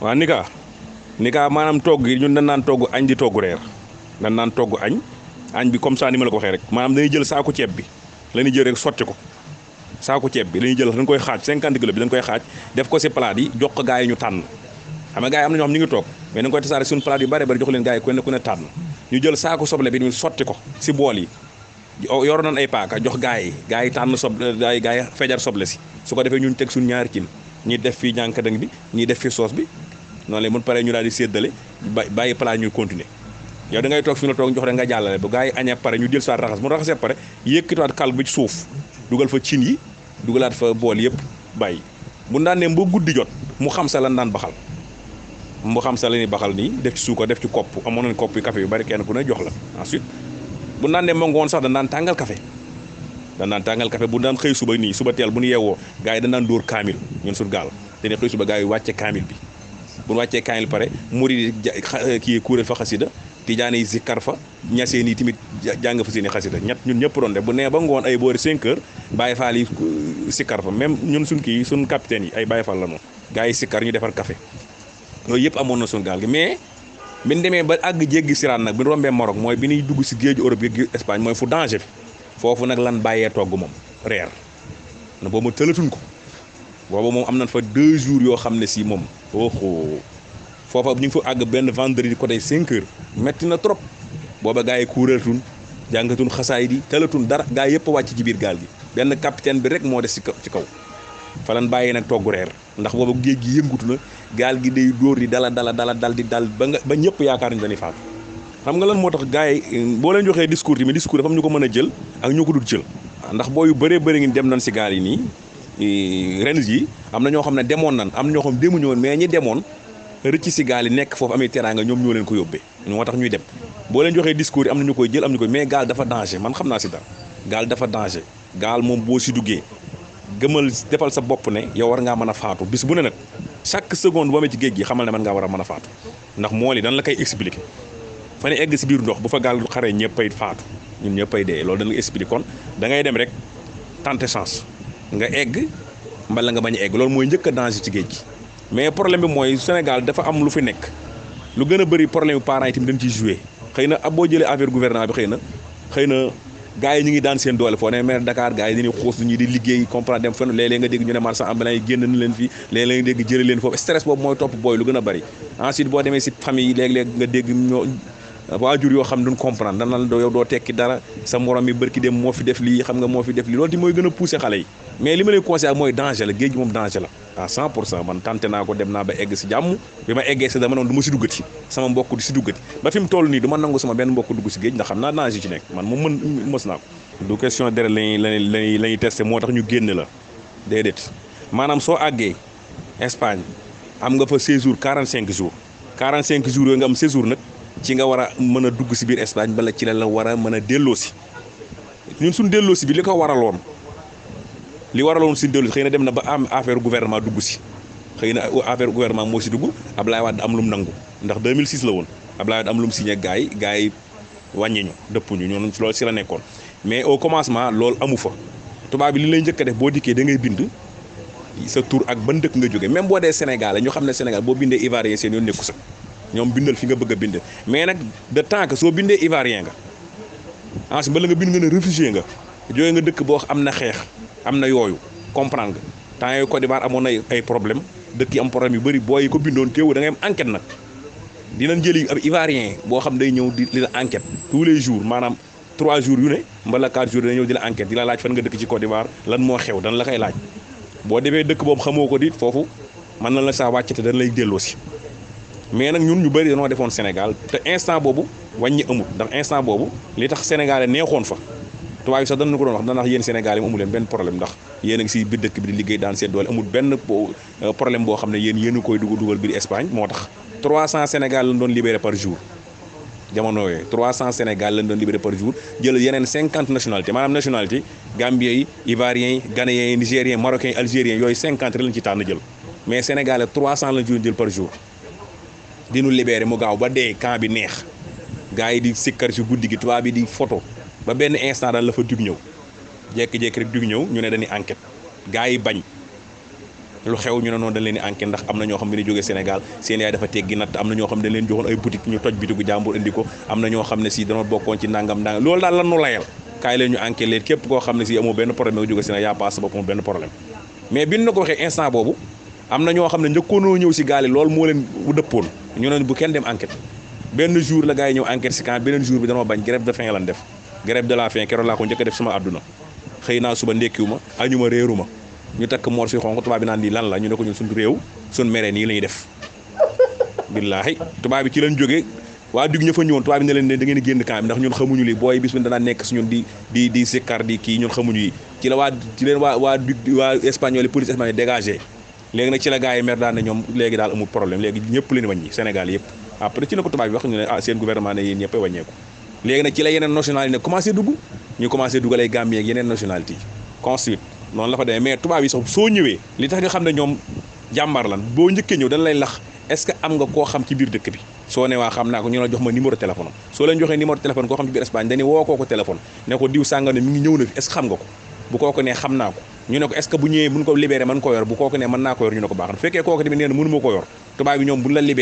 wa nika ka ni ka togg yi ñun dañ naan togg añ di togg reer dañ nan togg añ añ bi comme ça ni ma la ko waxee rek manam dañuy jël saaku ceeb bi la jël rek sotti ko saaku ceeb bi la jël dañ koy xaj 50 kilo bi dañ koy xaj def ko si plat yi jox ko gaay ñu tan xam nga gaay am na ñoo xam ñu ngi togg mais dañ koy tassare suñu plat yu bari bari jox leen gaay ku ne ku ne tan ñu jël saaku soble bi ñu sotti ko si bool yi yor nañ ay paaka jox gaay gaay tan soble gaay gaay fejar soble ci su ko defé ñun tek suñu ñaar ci ñi def fi ñànkadang bi ñi def fi sauce bi non lay mun paré ñu daal di séddale bàyyi plat ñu continuer yow da ngay tok fi nga toog jox rek nga jallalé bu gaay yi paré ñu jël sa raxas mu raxasee pare yëkkatiwaat kal bi ci souf dugal fa cin yi dugalaat fa bol yépp bayyi bu ndané mbo guddi jot mu xam sa lan nan baxal mu xam sa lan ni baxal ni def ci suukar def ci kopp amoon nañ kopp yu café yu bari kenn ku ne jox la ensuite bu ndané mo ngone sax da nan tangal café da nan tangal café bu ndan xey suba ni suba tel bu ñu yeewoo gars yi dañ daan dóor ñun sur gal dañuy xey suba gaay wacce kamil bi bu ñu wàccee kaamil pare murid euh, kii kuréel fa xasida tijaan yi zikkar fa ñaseen yi tamit jàng fa seeni xasida ñett ñun ñëpp doon def bu nee ba ngoon ay boori 5 heures Baye Fall yi sikkar euh, fa ñun suñ kii suñ capitaine yi ay Baye Fall la moom gars yi sikkar ñu defar kafe yooyu yëpp amoon na suñu gaal gi mais bi ñu demee ba àgg jéggi siraan nag bi ñu rombee Maroc mooy bi ñuy dugg si géeju Europe géeju Espagne mooy fu danger bi foofu nag lan bàyyee togg moom reer na boobu ma tëlatuñ ko boobu moom am nañ fa deux jours yoo xam ne si moom oho foofa ñu ngi fa àgg benn vendredi côté cinq heures metti na trop booba gars yi kuuraltun jàngatun xasaay di talatun dara gars yëpp wàcc ci biir gaal gi benn capitaine bi rek moo des ci kaw fa lan falan bàyyi nag togg reer ndax booba géej gi yëngutu na gaal gi day dóor di dala dala dala dal di dal ba nga ba ñëpp yaakaar ñu dañuy faatu xam nga lan moo tax gars yi boo leen joxee discours yi mais discours dafa am ñu ko mën a jël ak ñu ko dul jël ndax booyu bëree bëri ngi dem nan si gaal yi nii Euh, ren ji am na ñoo xam ne demoon nan am na ñoo xam ne demuñu mais ñi demoon rëcc si gaal yi nekk foofu amee teraanga ñoom ñoo leen ko yóbbee moo tax ñuy dem boo leen joxee discours yi am na ñu koy jël am ñu koy mais gaal dafa danger man xam naa si dara gaal dafa danger gaal moom boo si duggee gëmal defal sa bopp ne yow war ngaa mën a faatu bis bu ne nag chaque seconde boo amee ci géej gi xamal ne man ngaa war a mën a faatu ndax mool yi dan la koy expliquer fa ne egg si biir ndox bu fa gaal xaree ñëppay faatu ñun ñëppay dee loolu dañ la expliquer kon da ngay dem rek tenter chance nga egg mbala nga bañ a egg loolu mooy njëkk a danger ci géej gi mais problème bi mooy Sénégal dafa am lu fi nekk lu gën a bëri problème bi parents yi tamit dañ ciy joué xëy na ab boo jëlee affaire gouvernement bi xëy na xëy na gars yi ñu ngi daan seen doole foo ne maire Dakar gars yi dañuy xuus ñi di liggéey comprendre dem fenn léeg nga dégg ñu ne marchand ambulant génn na leen fii léeg-léeg nga dégg jëlee leen foofu stress boobu mooy topp booy lu gën a demee si famille nga dégg ñoo waajur yo xam duñ comprendre dañ naan yow doo tekki dara sa morom mi barki dem moo fi def li xam nga moo fi def li lolou di moy gëna pousser xalé yi mais li ma lay conseillé mooy danger la geej gi moom danger la à 100 man tanté nako dem na ba egg ci jamm bima ma ci dama non du ma si duggati sama mbokk du ci duggati ba fim mu toll nii du ma nangu sama benn mbokk dugg ci geej ndax xam naa danger ci nek man mo mën mos naa du question dere lañuy lañ lañuy testé motax ñu génn la dédét manam so aggé Espagne am nga fa séjour 45 jours 45 jours nga am séjour nag ci nga wara mëna dugg ci biir Espagne bala ci la la war a mën a delloosi ñun suñ bi li ko waraloon li waraloon suñ suñu délo xeyna dem na ba am affaire gouvernement dugg si xeyna affaire gouvernement mo si dugg Abdoulaye Wade am lum nangu ndax 2006 la won Abdoulaye Wade am lum signé gaay gaay wañi ñu depp ñu komas lool lol la nekkon mais au commencement lool amu fa tuba bi li lay jëk def bo diké da ngay bind sa tour ak ban dëkk nga joggé même bo dé Sénégal ñu xamné Sénégal bo bindé Ivoirien seen yoon nekku sa ñoom bindal fi nga bëgg a bind mais nag de temps que soo bindee ivoirien nga ensuite bala nga bind nga ne réfugié nga jooye nga dëkk boo am na xeex am na yooyu comprendre nga temps yooyu Côte amoon na ay problème dëkk yi am yu bëri booy ko bindoon teewu da am enquête nag dinañ jëli ab ivoirien boo xam day ñëw di di la enquête tous les jours maanaam trois jours yu ne mbala quatre jour dina ñëw di la enquête di la laaj fan nga dëkk ci Côte d'Ivoire lan moo xew dana la koy laaj boo demee dëkk boobu xamoo ko di foofu mën na la saa wàccate dana lay delloosi mais nag ñun ñu bëri dañoo defoon Sénégal te instant boobu wàññi amul ndax instant boobu li tax sénégalais neexoon fa tubaab yi sax dañu ko doon wax danax yéen sénégalais amu leen benn problème ndax yéen a ngi si biir dëkk bi di liggéey daan seen doole amul benn euh, problème boo xam ne yéen yéen a koy dugg dugal biir Espagne moo tax 300 Sénégal lañ doon libéré par jour jamono yooyu 300 Sénégal lañ doon libéré par jour jël yeneen 50 nationalité maanaam nationalité Gambien yi Ivoirien yi yooyu 50 lañ ci tànn jël mais Sénégalais 300 lañ ci doon jël par jour dinu libéré mu gaaw ba dee camp bi neex gaa yi di sikkar si guddi gi tubaab bi di photo ba benn instant daal la fa ñëw jékki-jékki rek dug ñëw ñu ne dañuy enquête gaa yi bañ lu xew ñu ne noonu dañ leen di ndax am na ñoo xam ne dañu jógee Sénégal seen yaay dafa na ñoo xam leen joxoon ñu toj bitigu jàmbur indi na ñoo xam ne si dañoo bokkoon ci nangam nangam loolu daal lan nu layal kaay leen ñu enquête leen képp koo xam ne si amoo benn problème nga jógee Sénégal yaa paas sa bopp instant boobu am na ñoo xam ne njëkkoonoo ñëw si gaal yi loolu moo leen dëppoon ñu ne bu kenn dem enquête benn jour la gars yi ñëw enquête si camp beneen jour bi danoo bañ grève de faim lan def grève de la faim keroog laa ko njëkk a def sama àdduna xëy naa suba ndékkiwuma añuma réeruma ñu takk moor si xonq tubaab bi naan lii lan la ñu ne ko ñun suñu réew suñu meree nii la ñuy def billaahi tubaab bi ci lañ jóge waa dug ña fa ñëwoon tubaab bi ne leen ne da ngeen génn camp bi ndax ñun xamuñu lii booy bis bi danaa nekk si ñun di di di sikkar di kii leen waa waa dug waa espagnol yi police léegi na ci la gars yi mer daan ne ñoom léegi daal amul problème léegi ñëpp leen wàññi Sénégal yëpp après ci la ko tubaab yi wax ne ah a wàññeeku léegi nag ci la yeneen nationalité ne commencé dugg ñu commencé dugal ay Gambie ak yeneen nationalité yi consuite noonu la soo ñëwee li tax nga ne ñoom jàmbaar lan boo njëkkee ñëw dañ lay lax est-ce que am nga koo xam ci biir dëkk bi soo ne waa xam naa ko ñu la jox ma numéro téléphone soo leen joxee numéro téléphone koo xam ci biir Espagne dañu woo koo téléphone ne ko diw sàngam ne ngi ñëw na fi est que xam nga ko bu koo ko ne xam naa ko ñu ne ko est-ce que bu ñëwee buñ ko libéré mën ko yor bu kooku ne mën naa ko yor ñu ne ko baax na fekkee kooku tamit nee na mënu ma ko yor tubaab yi ñoom buñ la la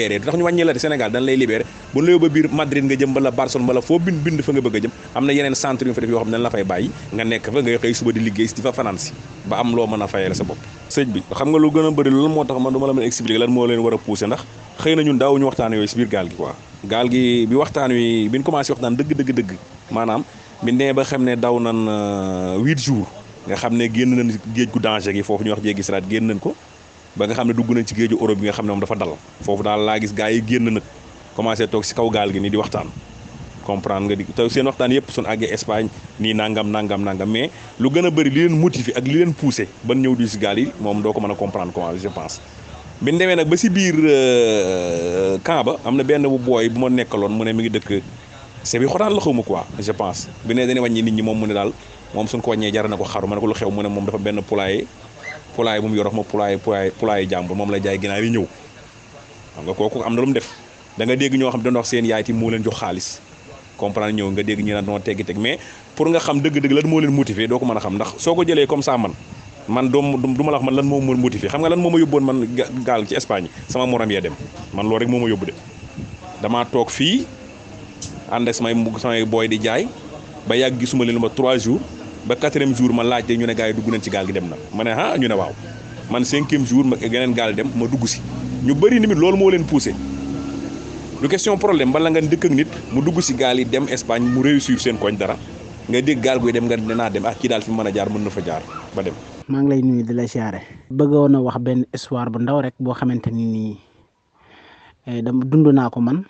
Sénégal dañ lay la yóbbu biir Madrid nga jëm wala Barcelone wala foo bind bind fa nga bëgg a jëm am na yeneen centre yu fa def yoo xam nga a lu gën a bëri loolu moo tax man du la mën expliquer lan moo leen war a poussé ndax xëy na ñun daawuñu waxtaan yooyu si biir gaal gi quoi gaal gi bi waxtaan ne daw nan 8 euh, jours nga xam ne génn nañ géej gu danger gi foofu ñu wax jéggi siraat génn nañ ko ba nga xam ne dugg nañ ci géeju Europe bi nga xam ne moom dafa dal foofu daal laa gis gars yi génn nag commencé toog si kaw gaal gi nii di waxtaan comprendre nga di te seen waxtaan yëpp suñu àggee Espagne nii nangam nangam nangam mais lu gën a bëri li leen motivé ak li leen puuse ban ñëw di si gaal yi moom doo ko mën a comprendre comment je pense bi ñu demee nag ba si biir euh, camp ba am na benn bu booy bu ma nekkaloon mu ne mi ngi dëkk c'est bi xotaan pense bi ne dañuy wàññi nit ñi moom mu ne daal mom suñ ko wàññee jar na ko xaru man ko lu xew mo ne mom dafa ben poulailler poulailler bu mu yorox mo ma poulailler poulailler poulailler jàmbur moom la jaay ginaar yi ñëw xam nga koku am na lu mu def da nga dégg ño xam do wax seen yaay ti mo leen jox xaaliss comprendre ñew nga dégg ñu na noo teggi teg mais pour nga xam dëgg-dëgg lan mo leen motiver do ko mën xam ndax soko ko comme ça man man dom duma la wax man lan mo ma motivé xam nga lan moo ma yóbboon man gal ci Espagne sama moram ya dem man lo rek moo ma yóbbu de damaa toog fii ànd ak samay samay di jaay ba yag gisuma leen ma 3 jours ba 4ème jour ma laajte ñu né gaay duggu dugg nañ ci gaal gi dem na mané ha ah, ñu né waaw man 5ème jour ma gënen gaal dem ma duggu ci ñu bari nimit lool mo leen poussé lu question problème la nga dëkk ak nit mu duggu ci gaal yi dem espagne mu réussir seen koñ dara nga dégg gaal guy dem nga dina dem ak ah, ki dal fi mëna jaar mën na fa jaar ba dem ma ngi lay nuyu di la siyaare bëggoon wax ben espoir bu ndaw rek bo xamanteni ni nii eh, dama dund ko man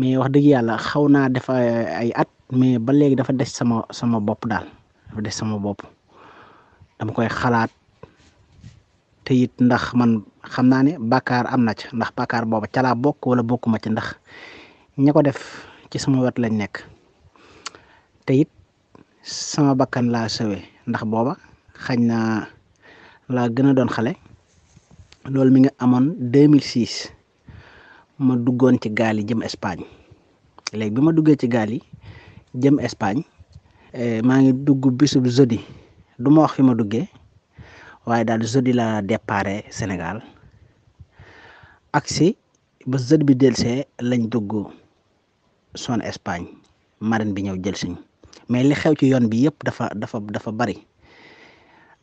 mais wax dëgg yàlla xaw naa def eh, ay at mais ba léegi dafa des sama sama bopp daal dafa def sama bop dama koy xalaat te yit ndax man xamna naa ne bàkkaar ci ndax bakar bobu ci la bok wala bokuma ci ndax ñako def ci sama wat lañ nek te yit sama bakkan laa sewé ndax boba xañ la laa doon xalé lol mi nga amone 2006 ma duggon ci gali jëm Espagne léegi bima duggé ci gali jëm Espagne Eh, maa ngi dugg bisu jeudi du ma wax fi ma duggee waaye daal jeudi la dépare Sénégal aksi ba jeudi bi delsee lañ dugg son Espagne marine bi ñëw jël siñ mais li xew ci yoon bi yëpp dafa dafa dafa bari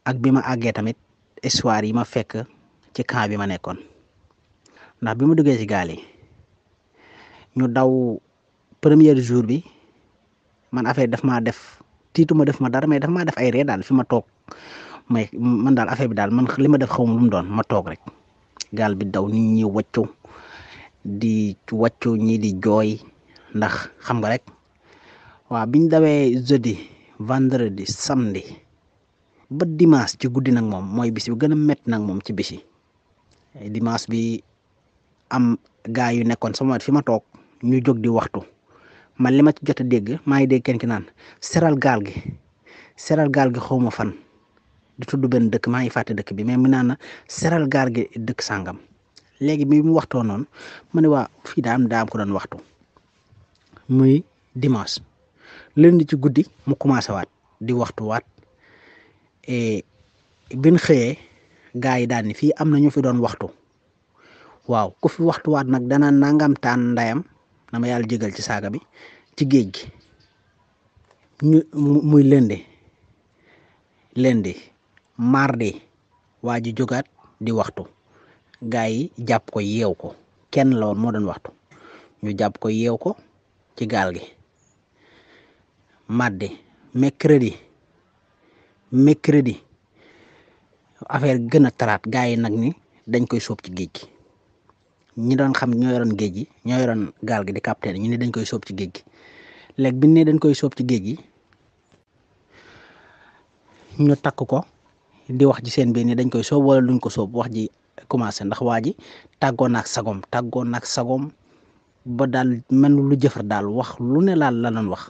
ak bi ma àggee tamit histoire yi ma fekk ci camp bi ma nekkoon ndax bi ma duggee ci gaal ñu daw premier jour bi man affaire daf maa def tiituma def ma dara ma dafa maa def ay ree daal fi ma toog may man daal affaire bi daal man li ma def xaw ma doon ma toog rek gaal bi daw nit ñi wàccu di wàccu ñii di jooy ndax xam nga rek waaw biñ dawee jeudi vendredi samedi ba dimas ci guddi nag moom mooy bis bi gën a métti nag moom ci bisi dimanche bi am gaa yu nekkoon sama fi ma toog ñu jóg di waxtu man li ma ci jot a dégg maa ngi dégg kenn ki naan seral gaal gi seral gaal gi xaw ma fan di tudd benn dëkk maa ngi fàtte dëkk bi mais mu naan na seral gaal gi dëkk sàngam léegi bi mu waxtoo noonu ma ne waa fii daa am daa am ko doon waxtu muy dimanche di ci guddi mu commencé waat di waxtu waat e, bin xëyee gaa yi daal ni fii am na ñu fi doon waxtu waaw ku fi waxtuwaat nag dana nangam taan ndayam na ma yàlla jégal ci saaga bi ci géej gi muy lënde lënde mardi waa ji jógaat di waxtu gaa yi jàpp ko yeew ko kenn la moo doon waxtu ñu jàpp ko yeew ko ci gaal gi mardi mercredi mercredi affaire gën a taraat gaa yi nag ni dañ koy sóob ci géej gi ñi doon xam ñoo yoroon géej gi ñoo yoroon gaal gi di capitaine ñu ne dañ koy sóob ci géej gi léegi bi ne dañ koy soob ci géej gi ñu takk ko di wax ji seen biir ni dañ koy sóob wala luñ ko sóob wax ji commencé ndax waa ji tàggoon ak sagoom tàggoon ak sagom ba daal mel lu jëfar daal wax lu ne laal la doon wax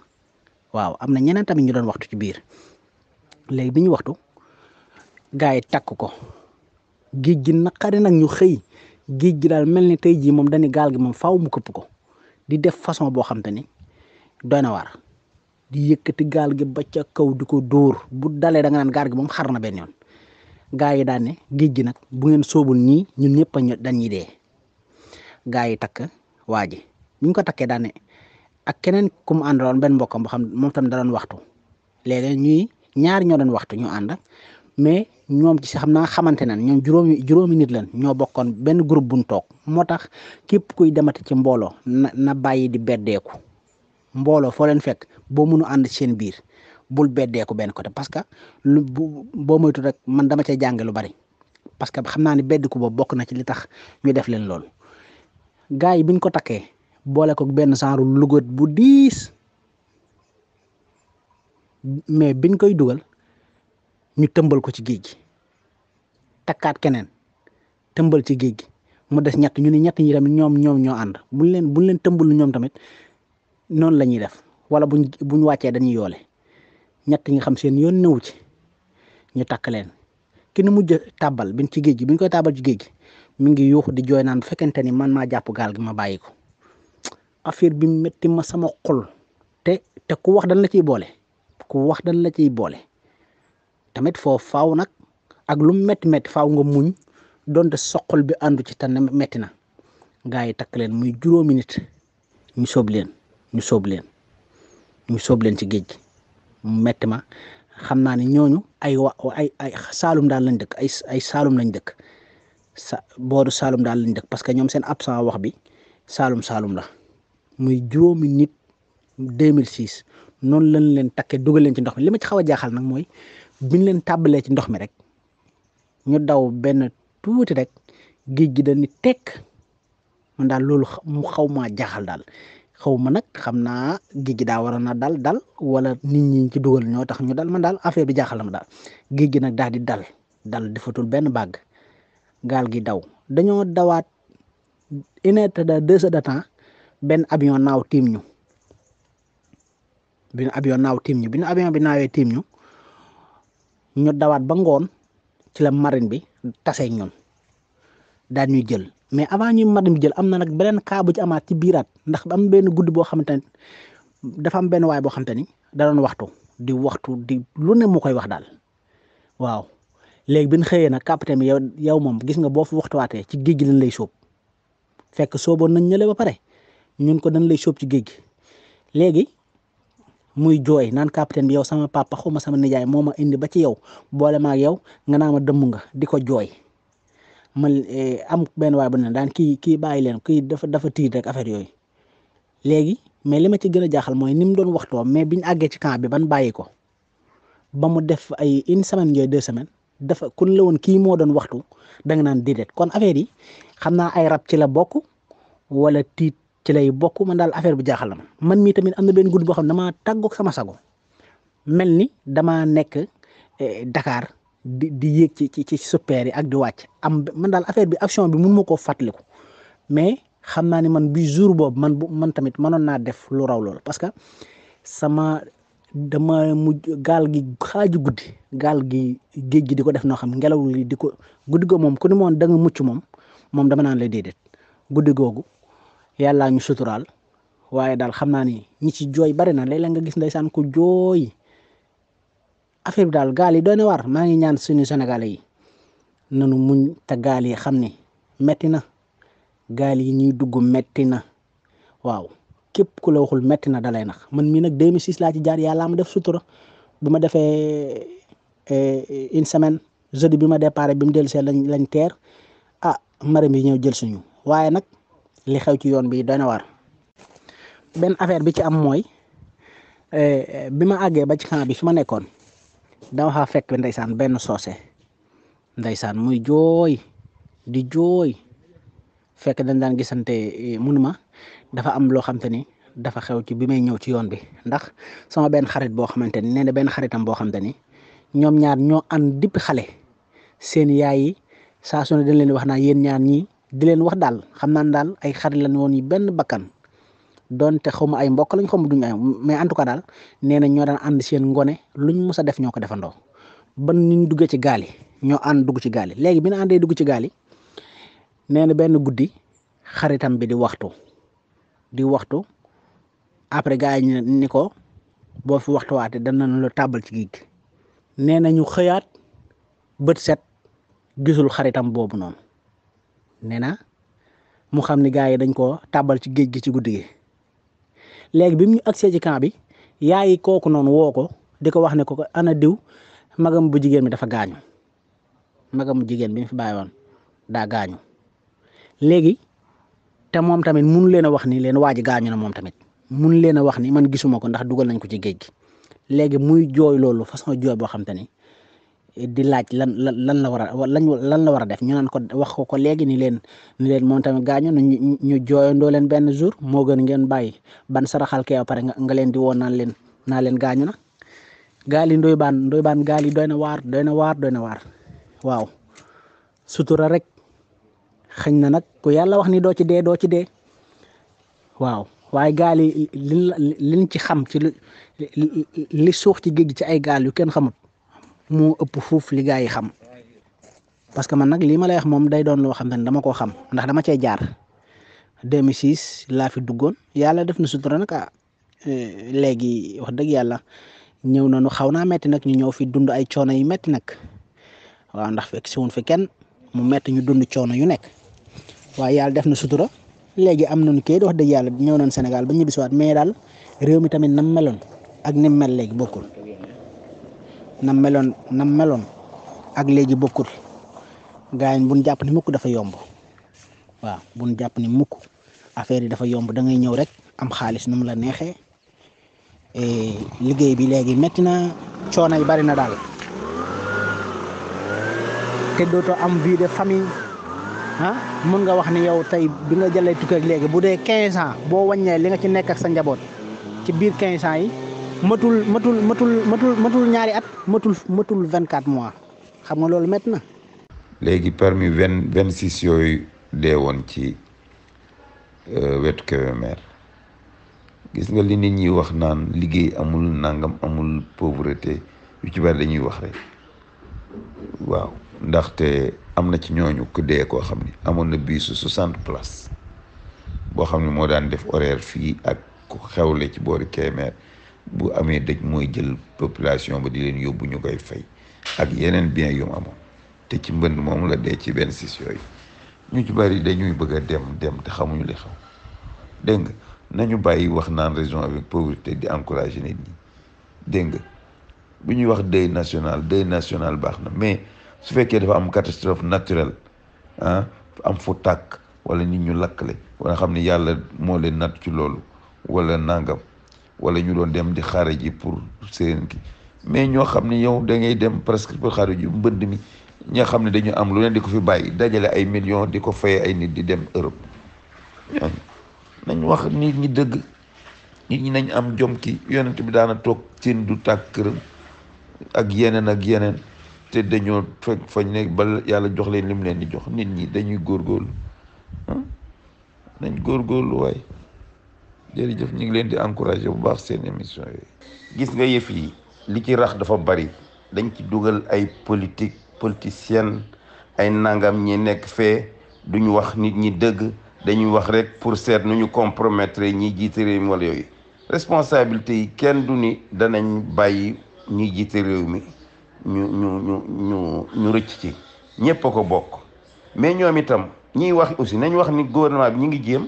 waaw am na ñeneen tamit ñu doon waxtu ci biir léegi bi ñu waxtu gaa yi takk ko géej gi naqari nag ñu xëy. géej gi daal mel ni tey jii moom dañuy gaal gi moom faw mu këpp ko di def façon boo xam te ni doy war di yëkkati gaal gi ba kaw di ko dóor bu dalee da nga naan gaal gi moom xar na benn yoon gaa yi daan géej gi nag bu ngeen soobul nii ñun ñëpp a dañuy dee gaa yi takk waa ji bi ko takkee daan ne ak keneen ku mu àndaloon benn mbokkam boo xam moom tam da doon waxtu léeg-léeg ñuy ñaar ñoo doon waxtu ñu ànd mais ñoom ci xam naa xamante nan ñoom juróomi juróomi nit lan ñoo bokkoon benn groupe buñ toog moo tax képp kuy demati ci mbooloo na bàyyi di beddeeku mbooloo foo leen fekk boo mënu ànd seen biir bul beddeeku benn côté parce que lu boo moytu rek man dama cay jàng lu bari parce que xam naa ne beddiku boobu bokk na ci li tax ñu def leen loolu gars yi biñ ko takkee boole ko benn genre lugot bu diis mais biñ koy dugal ñu tëmbal ko ci géej gi takkaat keneen tëmbal ci géej gi mu des ñett ñu ne ñett ñi tamit ñoom ñoom ñoo ànd buñ leen buñ leen tëmbal ñoom tamit noonu la ñuy def wala buñ buñ wàccee dañuy yoole ñett ñi xam seen yoon newu ci ñu takk leen ki nu mujj tàbbal biñ ci géej gi biñ koy tàbbal ci géej gi mi ngi di jooy naan ni man maa jàpp gaal gi ma bàyyi ko affaire bi metti ma sama xol te te ku wax dañ la ciy boole ku wax dañ la ciy boole tamit foofu faaw nag ak lu metti métti métti faaw nga muñ donte soqal bi àndu ci tànn metti na gaa takk leen muy juróomi nit ñu soob leen ñu soob leen ñu soob leen ci géej gi mu ma xam naa ni ñooñu ay wa ay ay saalum daal lañ dëkk ay ay saalum lañ dëkk sa booru saalum daal lañ dëkk parce que ñoom seen absent wax bi saalum saalum la muy juróomi nit 2006 noonu lañ leen takkee dugal leen ci ndox mi li ma ci xaw a jaaxal nag mooy. biñ leen tàbbalee ci ndox mi rek ñu daw benn tuuti rek géej gi dañu tekk man daal loolu mu xaw maa jaxal daal xaw ma nag xam naa géej gi daa waroon a dal dal wala nit ñi ci dugal ñoo tax ñu dal ma daal affaire bi jaaxal na ma daal géej gi nag daal di dal dal defatul benn bàgg gaal gi daw dañoo dawaat une heure de deux heures de temps benn abion naaw tiim ñu benn avion naaw tiim ñu bi avion bi naawee tiim ñu. ñu dawaat ba ngoon ci la marine bi tase ñun daan ñuy jël mais avant ñuy marine bi jël am na nag beneen cas bu ci amaat ci biiraat ndax am benn guddi boo xamante ne dafa am benn waay boo xamante ni da doon waxtu di waxtu di lu ne mu koy wax daal waaw léegi bi xëyee na capitaine bi yow yow moom gis nga boo fi waxtuwaatee ci géej gi lañ lay soob fekk sooboon nañ ñële ba pare ñun ko dañ lay soob ci géej gi léegi muy jooy naan capitaine bi yow sama papa xuma sama nijaay moo ma indi ba ci yow boole ma ak yow nga naa ma dëmm nga di ko jooy man eh, am benn waay bu ne daan kii kii bàyyi leen kii dafa dafa tiit rek affaire yooyu léegi mais li ma ci gën a jaaxal mooy ni mu doon waxtoo mais biñ àggee ci camp bi ban bàyyi ko ba mu def ay une semaine yooyu deux semaine dafa kun la woon kii moo doon waxtu da nga naan déedéet kon affaire yi xam naa ay rab ci la bokk wala tiit ci lay bokk man daal affaire bi jaaxal na man mii tamit am na benn guddi boo xam ne damaa tàggoog sama sago mel ni dama nekk eh, dakaar di di yéeg ci ci ci suppeer yi ak di wàcc am man daal affaire bi action bi mun ma koo fàttaliku mais xam naa ne man bi jour boobu man bu man tamit mënoon naa def lu raw loolu parce que sama dama mujj gaal gi xaaju guddi gaal gi géej gi di ko def noo xam ngelaw li di ko guddi googu moom ku ni moon da nga mucc moom moom dama naan lay déedéet guddi googu. yalla ñu sutural, waye dal xamna ni ñi ci joy bari na léeg nga gis ndaysan ku joy affaire dal daal gaal yi doy na waar maa ngi ñaan suñu sénégalais yi nanu muñ ta yi metti na gaal yi ñi dugg metti na waaw kep ku la waxul metti na dalay nax man minak nak 2006 la ci jaar yalla ma def sutura buma defé euh une semaine jeudi bima déparé bimu a mu lañ lañ teer ah maram yi jël suñu waye nak li xew ci yoon bi doy na benn affaire bi ci am mooy eh, bi ma àggee ba ci camp bi su ma nekkoon dama faa fekk ndeysaan benn soose ndeysaan muy jooy di jooy fekk dañ daan gisante eh, munuma dafa am loo xam te ni dafa xew ci bi may ñëw ci yoon bi ndax sama benn xarit boo xamante ni nee benn xaritam boo xamante ni ñoom ñaar ñoo ànd dipp xale seen yaay yi saa su ne dañ leen wax naa yéen ñaar ñii di leen wax daal xam naan daal ay xarit lañ woon yi benn bakkan donte xaw ma ay mbokk lañ xaw ma duñ ay mais en tout cas daal nee na ñoo daan ànd seen ngone luñ mës a def ñoo ko defandoo ban ni ñu duggee ci gaali ñoo ànd dugg ci gaal yi léegi bi ñu àndee dugg ci gaal yi na benn guddi xaritam bi di waxtu di waxtu après gars yi ñu ni ko boo fi waxtuwaatee danañ la tàbbal ci géej gi nee na ñu xëyaat bët set gisul xaritam boobu noonu. nee na mu xam ni gars yi dañ koo tàbbal ci géej gi ci guddi gi léegi bi mu ñu agsee ci camp bi yaay kooku noonu woo ko di ko wax ne ko ko ana diw magam bu jigéen bi dafa gaañu magam bu jigéen bi ñu fi bàyyi woon daa gaañu léegi te moom tamit mun leen a wax ni leen waa ji gaañu na moom tamit mun leen a wax ni man gisuma ko ndax dugal nañ ko ci géej gi léegi muy jooy loolu façon jooy boo xam ni di laaj lan lan lan la war a lañ lan la war a def ñu naan ko wax ko ko léegi ni leen ni leen moom tamit gaañu ñu ñu jooyandoo leen benn jour moo gën ngeen bàyyi ban saraxal kee ba pare nga leen di woon na leen naa leen gaañu na gaal yi ndoy baan ndoy baan gaal yi doy na waar doy na waar doy na waaw sutura rek xëñ na nag ku yàlla wax ni doo ci dee doo ci dee waaw waaye gaal yi ci xam ci li suux ci géej ci ay gaal yu kenn xamut. moo ëpp fuuf li yi xam parce que man nag lii ma lay wax moom day doon loo xam ne dama koo xam ndax dama cee jaar 2006 laa fi duggoon yàlla def na sutura nag ah eh, léegi wax dëgg yàlla ñëw nañu xaw naa metti nag ñu ñëw fi dund ay coono yu metti nag waaw ndax fekk si woon mu metti ñu dund coono yu nekk waaye yàlla def na sutura léegi am nañu kayit wax dëgg yàlla ñëw nañ Sénégal ba ñibbisiwaat mais daal réew mi tamit na meloon ak ni mu mel léegi bokkul. na meloon na meloon ak léegi bokkul gars yi buñ jàpp ni mukk dafa yomb waaw buñ jàpp ni mukk affaire yi dafa yomb dangay ñëw rek am xaalis nu mu la neexee e, liggéey bi léegi métti na coono yi bari na daal te dooto am vie de famille ah mun nga wax ni yow tey bi nga jëlee tukki ak léegi bu dee quinze ans boo waññee li nga ci nekk ak sa njaboot ci biir quinze ans yi. matul matul matul matul matul ñaari at matul matul vingt quatre mois xam nga loolu métti na. léegi parmi vingt vingt six yooyu dee woon ci euh, wetu Kébémer gis nga li nit ñi wax naan liggéey amul nangam amul pauvreté yu ci bari dañuy wax rek waaw ndaxte am na ci ñooñu ku dee ko xam ni amoon na biisu soixante places boo xam ne moo daan def horaire fii ak ku xewle ci boori Kébémer. bu amé dëj moy jël population ba di leen yobbu ñu koy fay ak yeneen bien yu mu amoon te ci mbënd moom la dee ci benn sis yooyu ñu ci bari dañuy bëgg a dem dem te xamuñu li xam dégg nga nañu bàyyi wax naan région avec pauvreté di encourager nit ñi dégg nga bu ñuy wax deuil national deuil national baax na mais su fekkee dafa am catastrophe naturelle ah am fu tàkk wala nit ñu lakkale wala xam ne yàlla moo leen natt ci loolu wala nangam wala ñu doon dem di xare ji pour seen ki mais ñoo xam ne yow da ngay dem presque pour xare ji mbënd mi ñoo xam ne dañu am lu leen di ko fi bàyyi dajale ay millions di ko fayee ay nit di dem Europe nañ wax nit ñi dëgg nit ñi nañ am jom ki yonent bi daana toog cin du tàkk ak yeneen ak yeneen te dañoo fekk fañ ba yàlla jox leen lim leen di jox nit ñi dañuy góorgóorlu ah nañ góorgóorlu waaye jërëjëf ñu ngi leen di encouragé bu baax seen émission yooyu. gis nga yëf yi li ci rax dafa bari dañ ci dugal ay politique politicienne ay nangam ñi nekk fee duñu wax nit ñi dëgg dañuy wax rek pour seet nu ñu compromettre ñi jiite réew mi wala yooyu responsabilité yi kenn du ni danañ bàyyi ñi jiite réew mi ñu ñu ñu ñu ñu rëcc ci ñépp a ko bokk mais ñoom itam ñiy wax aussi nañ wax ni gouvernement bi ñu ngi jéem.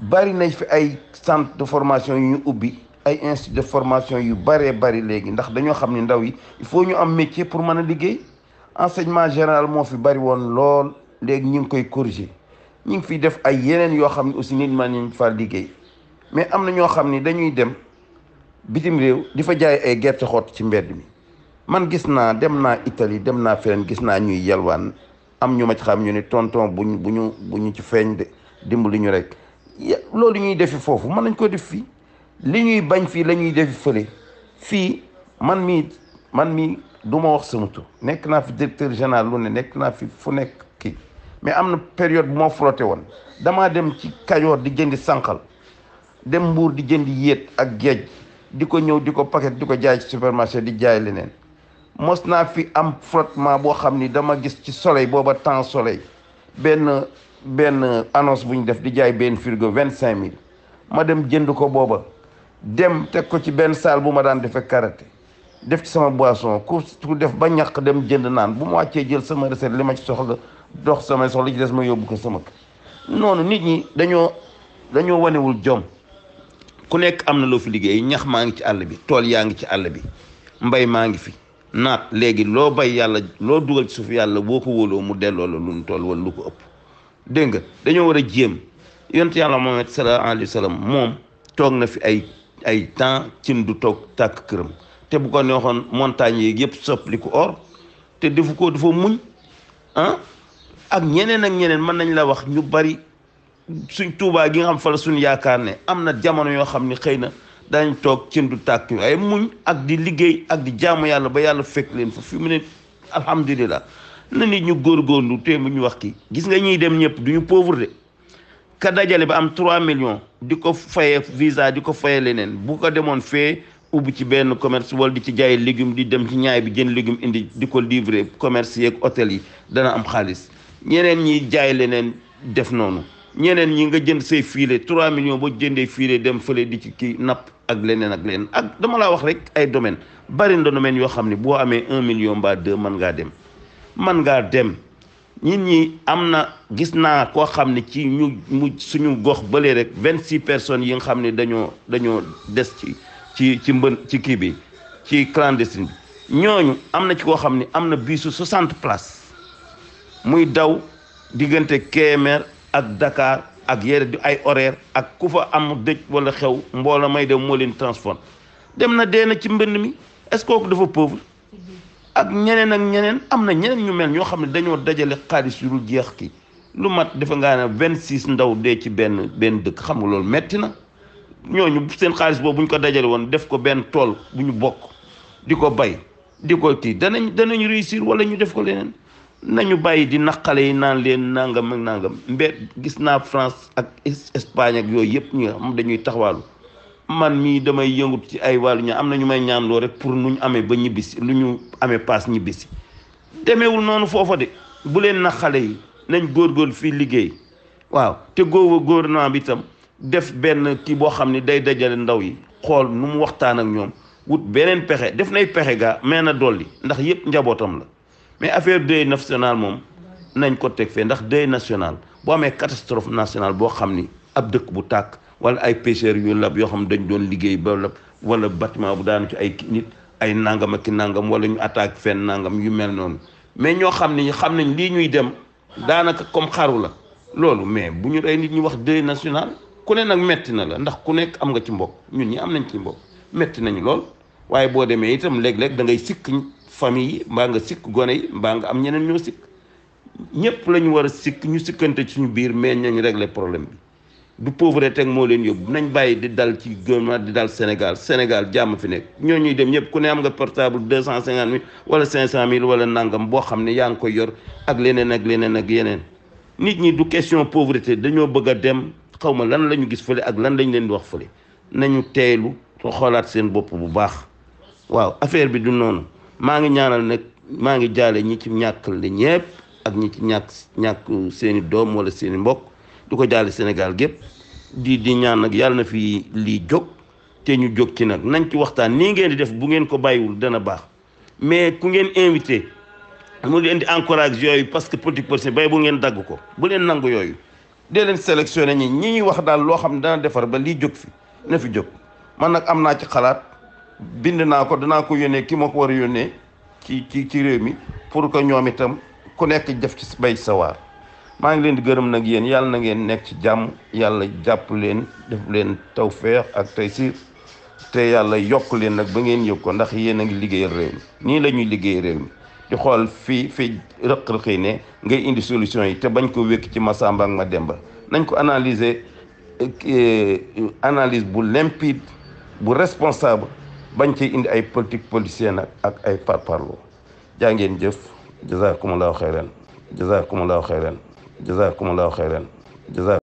bari nañ fi ay centre de formation yu ñu ubbi ay institut de formation yu bëree bari léegi ndax dañoo xam ni ndaw yi il faut ñu am métier pour mën a liggéey enseignement général moo fi bari woon lool léegi ñu ngi koy corriger ñu ngi fiy def ay yeneen yoo xam ne aussi nit ma nañ faa liggéey mais am na ñoo xam ni dañuy dem bitim réew di fa jaay ay gerte xott ci mbedd mi man gis naa dem naa Italie dem naa feneen gis naa ñuy yalwaan am ñu ma ci xam ñu ni tonton bu ñu bu ñu bu ñu ci feeñ de dimbali ñu rek loolu ñuy defi foofu mën nañ koo def fii li ñuy bañ fii la ñuy defi fële fii man mii man mii du ma wax sama tur nekk naa fi directeur général lu ne nekk naa fi fu nekk kii mais am na période bu moo frotté woon damaa dem ci Kajoor di jëndi sànqal dem Mbuur di jëndi yéet ak géej di ko ñëw di ko paquet di ko jaay ci supermarché di jaay leneen mos naa fi am frottement boo xam ni dama gis ci soleil booba temps soleil benn benn annonce bu ñu def di jaay benn frigo vingt cinq mille ma dem jënd ko booba dem teg ko ci benn salle bu ma daan defee karaté def ci sama boisson ku ku def ba ñàq dem jënd naan bu ma wàccee jël sama recette li ma ci soxla dox sama soxla ci des ma yóbbu ko sama kër noonu nit ñi dañoo dañoo wanewul jom ku nekk am na loo fi liggéey ñax maa ngi ci àll bi tool yaa ngi ci àll bi mbay maa ngi fi naat léegi loo bay yàlla loo dugal ci suuf yàlla boo ko wóoloo mu delloo la lu tool wala lu ko ëpp dégg nga dañoo war a jéem yonent yàlla Muhammad sallallahu alayhi moom toog na fi ay ay temps cin du toog tàkk këram te bu ko neexoon montagne yi yëpp soppali ko or te defu ko dafa muñ ah ak ñeneen ak ñeneen mën nañ la wax ñu bari suñ tuubaa gi nga xam fa la suñ yaakaar ne am na jamono yoo xam ni xëy na dañ toog cin du tàkk ay muñ ak di liggéey ak di jaamu yàlla ba yàlla fekk leen fa fi mu ne alhamdulilah na nit ñu góor góorgóorlu te mu ñu wax kii gis nga ñuy dem ñëpp du ñu pauvre de ka dajale ba am 3 millions di ko fayee visa di ko fayee leneen bu ko demoon fee ubbi ci benn commerce wala di ci jaay légume di dem ci ñaay bi jën légume indi di ko livrer commerce yeeg hôtel yi dana am xaalis ñeneen ñiy jaay leneen def noonu ñeneen ñi nga jën say filet 3 millions boo jëndee filet dem fële di ci kii napp ak leneen ak leneen ak dama laa wax rek ay domaine bari na yoo xam ne boo amee 1 million mbaa 2 mën ngaa dem. man ngaa dem ñit ñi am na gis naa koo xam ne ci ñu mu suñu gox bële rek vingt six personnes yi nga xam ne dañoo dañoo des ci ci ci mbën ci kii bi ci clandestine bi ñooñu am na ci koo xam ne am na biisu soixante places muy daw diggante Kébémer ak dakaar ak yére di ay horaire ak ku fa am dëj wala xew mboola may dem moo leen transforme dem na dee na ci mbënd mi est dafa pauvre ak ñeneen ak ñeneen am na ñeneen ñu mel ñoo xam ne dañoo dajale xaalis yu dul jeex ki lu mat defe ngaa ne vingt six ndaw dee ci benn benn dëkk xam loolu metti na ñooñu seen xaalis boobu bu ñu ko dajale woon def ko benn tool bu ñu bokk di ko bay di ko kii danañ danañu réussir wala ñu def ko leneen nañu bàyyi di naqale yi naan leen nangam ak nangam mbé gis naa France ak Espagne ak yooyu yëpp ñu xam dañuy taxawaalu man mii damay yëngut ci ay wàllu ñaan am na ñu may ñaan rek pour nu ñu amee ba ñibbisi lu ñu amee paas ñibbisi demeewul noonu foofa de bu leen na xale yi nañ góorgóorlu fii liggéey waaw te góoba gouvernement bi itam def benn kii boo xam ne day dajale ndaw yi xool nu mu waxtaan ak ñoom wut beneen pexe def nay pexe gaa mais na dolli ndax yëpp njabootam la mais affaire deuil national moom nañ ko teg fee ndax deuil national boo amee catastrophe nationale boo xam ni ab dëkk bu tàkk wala ay pêcheurs yu lab yoo xam dañu doon liggéey ba lab wala bâtiment bu daanu ci ay nit ay nangam ak ki nangam wala ñu attaque fenn nangam yu mel noonu mais ñoo xam ne xam nañ lii ñuy dem daanaka comme xaru la loolu mais bu ñu ay nit ñu wax deuil national ku ne nag metti na la ndax ku nekk am nga ci mbokk ñun ñi am nañ ci mbokk metti nañu lool waaye boo demee itam léeg-léeg da ngay sikk famille yi mbaa nga sikk gone yi mbaa nga am ñeneen ñoo sikk ñëpp la ñu war a sikk ñu sikkante suñu biir mais ñañ régler problème bi du pauvreté moo leen yóbbu nañ bàyyi di dal ci gouvernement di dal Sénégal Sénégal jàmm fi nekk ñoo ñuy dem ñëpp ku ne am nga portable deux cent cinquante mille wala cinq cent mille wala nangam boo xam ne yaa ngi koy yor ak leneen ak leneen ak yeneen nit ñi du question pauvreté dañoo bëgg a dem xaw ma lan la ñu gis fële ak lan lañ leen di wax fële nañu teelu te xoolaat seen bopp bu baax waaw affaire bi du noonu maa ngi ñaanal nag maa ngi jaale ñi ci ñàkkal li ñëpp ak ñi ci ñàkk ñàkk seeni doom wala seeni mbokk du ko jaale Sénégal gépp di di ñaan nag yàlla na fi lii jóg te ñu jóg ci nag nañ ci waxtaan nii ngeen di def bu ngeen ko bàyyiwul dana baax mais ku ngeen invité mu leen di encourage yooyu parce que politique politique bay bu ngeen dagg ko bu leen nangu yooyu dee leen sélectionné ñi ñi ñuy wax daal loo xam ne dana defar ba lii jóg fi na fi jóg man nag am naa ci xalaat bind naa ko danaa ko yónnee kii ma ko war a yónnee ci ci ci réew mi pour que ñoom itam ku nekk def ci bay sawaar maa ngi leen di gërëm nag yéen yàlla na ngeen nekk ci jàmm yàlla jàpp leen def leen tawfeex ak taysiir te yàlla yokk leen nag ba ngeen yëg ko ndax yéen a ngi liggéeyal réew mi nii la ñuy liggéey réew mi di xool fii fii rëq-rëq ne ngay indi solution yi te bañ ko wékk ci Masamba ak demba nañ ko analyser euh, analyse bu limpide bu responsable bañ ci indi ay politique politicienne ak ay parparloo jaa ngeen jëf jazakumullahu xayran jazakumullahu xayran jazakumullahu xayran